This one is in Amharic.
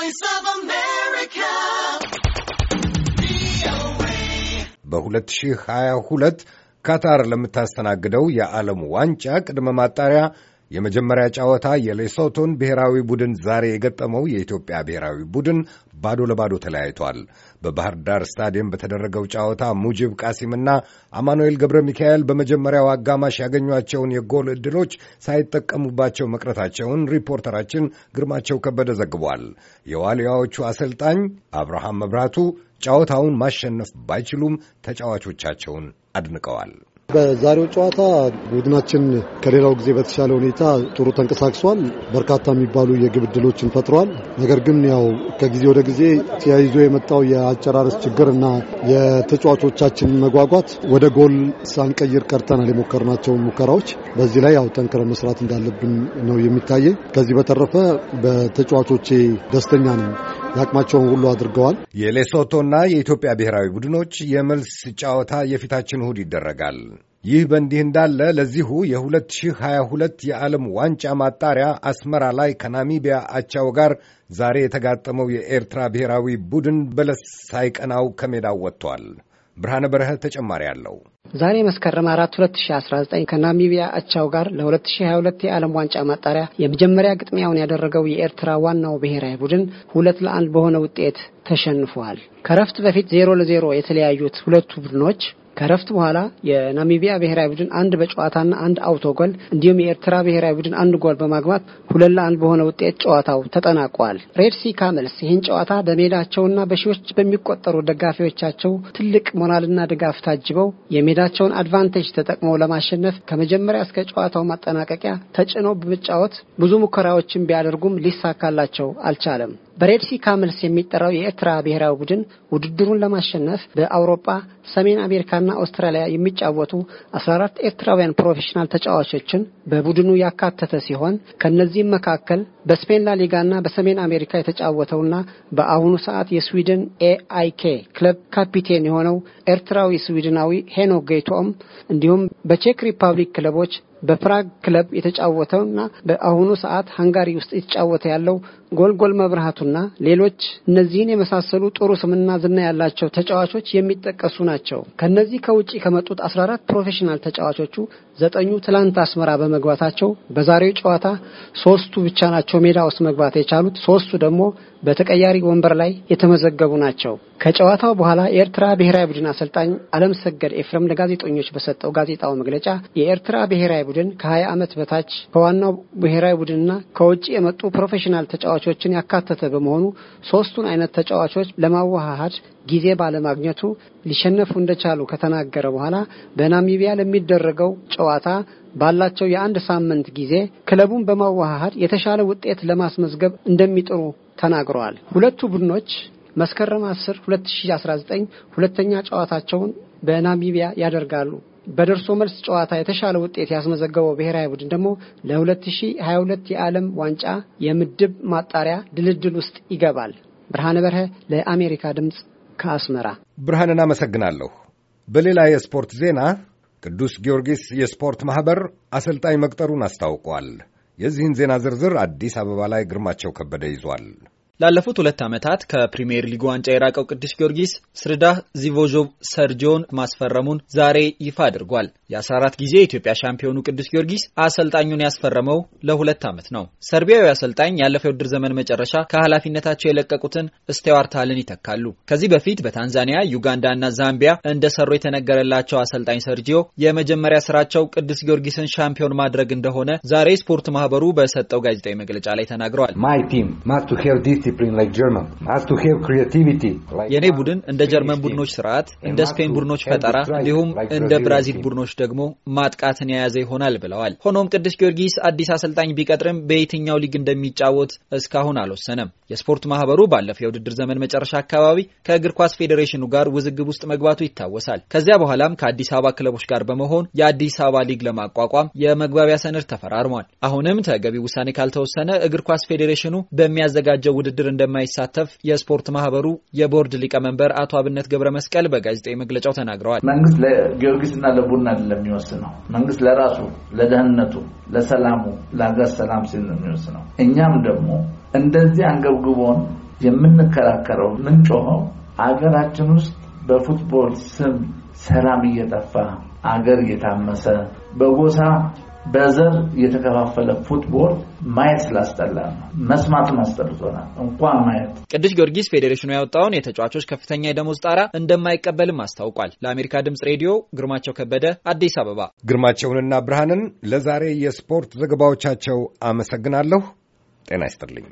ቮይስ ኦፍ አሜሪካ በ2022 ካታር ለምታስተናግደው የዓለም ዋንጫ ቅድመ ማጣሪያ የመጀመሪያ ጨዋታ የሌሶቶን ብሔራዊ ቡድን ዛሬ የገጠመው የኢትዮጵያ ብሔራዊ ቡድን ባዶ ለባዶ ተለያይቷል። በባህር ዳር ስታዲየም በተደረገው ጨዋታ ሙጂብ ቃሲምና አማኑኤል ገብረ ሚካኤል በመጀመሪያው አጋማሽ ያገኟቸውን የጎል ዕድሎች ሳይጠቀሙባቸው መቅረታቸውን ሪፖርተራችን ግርማቸው ከበደ ዘግቧል። የዋልያዎቹ አሰልጣኝ አብርሃም መብራቱ ጨዋታውን ማሸነፍ ባይችሉም ተጫዋቾቻቸውን አድንቀዋል። በዛሬው ጨዋታ ቡድናችን ከሌላው ጊዜ በተሻለ ሁኔታ ጥሩ ተንቀሳቅሷል። በርካታ የሚባሉ የግብ ዕድሎችን ፈጥሯል። ነገር ግን ያው ከጊዜ ወደ ጊዜ ተያይዞ የመጣው የአጨራረስ ችግር እና የተጫዋቾቻችን መጓጓት ወደ ጎል ሳንቀይር ቀርተናል የሞከርናቸው ሙከራዎች። በዚህ ላይ ያው ጠንክረ መስራት እንዳለብን ነው የሚታየኝ። ከዚህ በተረፈ በተጫዋቾቼ ደስተኛ ነኝ። የአቅማቸውን ሁሉ አድርገዋል። የሌሶቶና የኢትዮጵያ ብሔራዊ ቡድኖች የመልስ ጨዋታ የፊታችን እሁድ ይደረጋል። ይህ በእንዲህ እንዳለ ለዚሁ የ2022 የዓለም ዋንጫ ማጣሪያ አስመራ ላይ ከናሚቢያ አቻው ጋር ዛሬ የተጋጠመው የኤርትራ ብሔራዊ ቡድን በለስ ሳይቀናው ከሜዳው ወጥቷል። ብርሃነ በረኸ ተጨማሪ አለው። ዛሬ መስከረም አራት 2019 ከናሚቢያ አቻው ጋር ለ2022 የዓለም ዋንጫ ማጣሪያ የመጀመሪያ ግጥሚያውን ያደረገው የኤርትራ ዋናው ብሔራዊ ቡድን ሁለት ለአንድ በሆነ ውጤት ተሸንፏል። ከረፍት በፊት ዜሮ ለዜሮ የተለያዩት ሁለቱ ቡድኖች ከረፍት በኋላ የናሚቢያ ብሔራዊ ቡድን አንድ በጨዋታና አንድ አውቶ ጎል እንዲሁም የኤርትራ ብሔራዊ ቡድን አንድ ጎል በማግባት ሁለት ለአንድ በሆነ ውጤት ጨዋታው ተጠናቋል። ሬድሲ ካመልስ ይህን ጨዋታ በሜዳቸውና በሺዎች በሚቆጠሩ ደጋፊዎቻቸው ትልቅ ሞራልና ድጋፍ ታጅበው የሜዳቸውን አድቫንቴጅ ተጠቅመው ለማሸነፍ ከመጀመሪያ እስከ ጨዋታው ማጠናቀቂያ ተጭኖ በመጫወት ብዙ ሙከራዎችን ቢያደርጉም ሊሳካላቸው አልቻለም። በሬድሲ ካምልስ የሚጠራው የኤርትራ ብሔራዊ ቡድን ውድድሩን ለማሸነፍ በአውሮፓ፣ ሰሜን አሜሪካና አውስትራሊያ የሚጫወቱ 14 ኤርትራውያን ፕሮፌሽናል ተጫዋቾችን በቡድኑ ያካተተ ሲሆን ከእነዚህም መካከል በስፔን ላሊጋና በሰሜን አሜሪካ የተጫወተውና በአሁኑ ሰዓት የስዊድን ኤአይኬ ክለብ ካፒቴን የሆነው ኤርትራዊ ስዊድናዊ ሄኖ ጌቶም እንዲሁም በቼክ ሪፐብሊክ ክለቦች በፕራግ ክለብ የተጫወተውና በአሁኑ ሰዓት ሃንጋሪ ውስጥ የተጫወተ ያለው ጎልጎል መብርሃቱና ሌሎች እነዚህን የመሳሰሉ ጥሩ ስምና ዝና ያላቸው ተጫዋቾች የሚጠቀሱ ናቸው። ከነዚህ ከውጭ ከመጡት 14 ፕሮፌሽናል ተጫዋቾቹ ዘጠኙ ትላንት አስመራ በመግባታቸው በዛሬው ጨዋታ ሶስቱ ብቻ ናቸው ሜዳ ውስጥ መግባት የቻሉት። ሶስቱ ደግሞ በተቀያሪ ወንበር ላይ የተመዘገቡ ናቸው። ከጨዋታው በኋላ የኤርትራ ብሔራዊ ቡድን አሰልጣኝ አለም ሰገድ ኤፍረም ለጋዜጠኞች በሰጠው ጋዜጣዊ መግለጫ የኤርትራ ብሔራዊ ቡድን ከ20 ዓመት በታች ከዋናው ብሔራዊ ቡድንና ከውጭ የመጡ ፕሮፌሽናል ተጫዋቾችን ያካተተ በመሆኑ ሶስቱን አይነት ተጫዋቾች ለማዋሃድ ጊዜ ባለማግኘቱ ሊሸነፉ እንደቻሉ ከተናገረ በኋላ በናሚቢያ ለሚደረገው ጨዋታ ባላቸው የአንድ ሳምንት ጊዜ ክለቡን በማዋሃድ የተሻለ ውጤት ለማስመዝገብ እንደሚጥሩ ተናግረዋል። ሁለቱ ቡድኖች መስከረም 10 2019 ሁለተኛ ጨዋታቸውን በናሚቢያ ያደርጋሉ። በደርሶ መልስ ጨዋታ የተሻለ ውጤት ያስመዘገበው ብሔራዊ ቡድን ደግሞ ለ2022 የዓለም ዋንጫ የምድብ ማጣሪያ ድልድል ውስጥ ይገባል። ብርሃነ በርሀ ለአሜሪካ ድምፅ ከአስመራ። ብርሃንን አመሰግናለሁ። በሌላ የስፖርት ዜና ቅዱስ ጊዮርጊስ የስፖርት ማኅበር አሰልጣኝ መቅጠሩን አስታውቋል። የዚህን ዜና ዝርዝር አዲስ አበባ ላይ ግርማቸው ከበደ ይዟል። ላለፉት ሁለት ዓመታት ከፕሪምየር ሊግ ዋንጫ የራቀው ቅዱስ ጊዮርጊስ ስርዳ ዚቮዦቭ ሰርጂዮን ማስፈረሙን ዛሬ ይፋ አድርጓል። የ14 ጊዜ የኢትዮጵያ ሻምፒዮኑ ቅዱስ ጊዮርጊስ አሰልጣኙን ያስፈረመው ለሁለት ዓመት ነው። ሰርቢያዊ አሰልጣኝ ያለፈው ውድድር ዘመን መጨረሻ ከኃላፊነታቸው የለቀቁትን ስቴዋርት ሃልን ይተካሉ። ከዚህ በፊት በታንዛኒያ ዩጋንዳ ና ዛምቢያ እንደሰሩ የተነገረላቸው አሰልጣኝ ሰርጂዮ የመጀመሪያ ስራቸው ቅዱስ ጊዮርጊስን ሻምፒዮን ማድረግ እንደሆነ ዛሬ ስፖርት ማህበሩ በሰጠው ጋዜጣዊ መግለጫ ላይ ተናግረዋል። የእኔ ቡድን እንደ ጀርመን ቡድኖች ስርዓት፣ እንደ ስፔን ቡድኖች ፈጠራ፣ እንዲሁም እንደ ብራዚል ቡድኖች ደግሞ ማጥቃትን የያዘ ይሆናል ብለዋል። ሆኖም ቅዱስ ጊዮርጊስ አዲስ አሰልጣኝ ቢቀጥርም በየትኛው ሊግ እንደሚጫወት እስካሁን አልወሰነም። የስፖርት ማህበሩ ባለፈው የውድድር ዘመን መጨረሻ አካባቢ ከእግር ኳስ ፌዴሬሽኑ ጋር ውዝግብ ውስጥ መግባቱ ይታወሳል። ከዚያ በኋላም ከአዲስ አበባ ክለቦች ጋር በመሆን የአዲስ አበባ ሊግ ለማቋቋም የመግባቢያ ሰነድ ተፈራርሟል። አሁንም ተገቢ ውሳኔ ካልተወሰነ እግር ኳስ ፌዴሬሽኑ በሚያዘጋጀው ውድድር ውድድር እንደማይሳተፍ የስፖርት ማህበሩ የቦርድ ሊቀመንበር አቶ አብነት ገብረ መስቀል በጋዜጣዊ መግለጫው ተናግረዋል። መንግስት ለጊዮርጊስና ለቡና ነው መንግስት ለራሱ ለደህንነቱ፣ ለሰላሙ፣ ለሀገር ሰላም ሲል ነው የሚወስነው። እኛም ደግሞ እንደዚህ አንገብግቦን የምንከራከረው ምንጮኸው አገራችን ውስጥ በፉትቦል ስም ሰላም እየጠፋ አገር እየታመሰ በጎሳ በዘር የተከፋፈለ ፉትቦል ማየት ስላስጠላ ነው። መስማትም አስጠልቶናል፣ እንኳን ማየት። ቅዱስ ጊዮርጊስ ፌዴሬሽኑ ያወጣውን የተጫዋቾች ከፍተኛ የደሞዝ ጣራ እንደማይቀበልም አስታውቋል። ለአሜሪካ ድምፅ ሬዲዮ ግርማቸው ከበደ አዲስ አበባ። ግርማቸውንና ብርሃንን ለዛሬ የስፖርት ዘገባዎቻቸው አመሰግናለሁ። ጤና ይስጥልኝ።